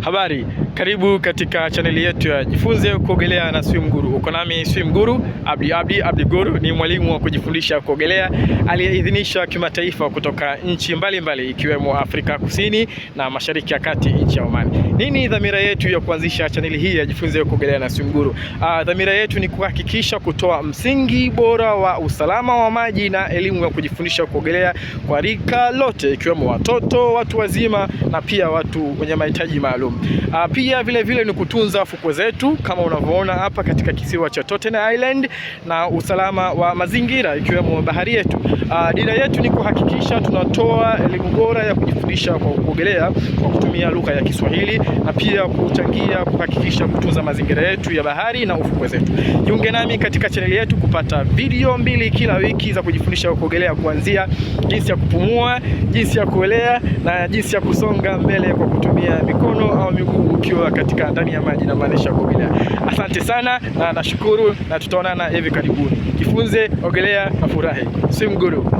Habari, karibu katika chaneli yetu ya Jifunze Kuogelea na Swim Guru. Uko nami Swim Guru Abdi Abdi Abdi Guru, ni mwalimu wa kujifundisha kuogelea aliyeidhinishwa kimataifa kutoka nchi mbalimbali ikiwemo Afrika Kusini na Mashariki ya Kati, nchi ya Oman. Nini dhamira yetu ya kuanzisha chaneli hii ya Jifunze Kuogelea na Swim Guru? Uh, dhamira yetu ni kuhakikisha kutoa msingi bora wa usalama wa maji na elimu ya kujifundisha kuogelea kwa rika lote ikiwemo watoto, watu wazima na pia watu wenye mahitaji maalum. Uh, Pia vile vile ni kutunza fukwe zetu kama unavyoona hapa katika kisiwa cha Toten Island na usalama wa mazingira ikiwemo bahari yetu. Uh, Dira yetu ni kuhakikisha tunatoa elimu bora ya kujifundisha kwa kuogelea kwa kutumia lugha ya Kiswahili na pia kuchangia kuhakikisha kutunza mazingira yetu ya bahari na ufukwe zetu. Jiunge nami katika chaneli yetu kupata video mbili kila wiki za kujifundisha kuogelea kuanzia jinsi ya kupumua, jinsi ya kuelea na jinsi ya kusonga mbele kwa kutumia mikono wa miguu ukiwa katika ndani ya maji, namaanisha kuogelea. Asante sana na nashukuru, na tutaonana hivi karibuni. Jifunze, ogelea na furahi. Swim Guru.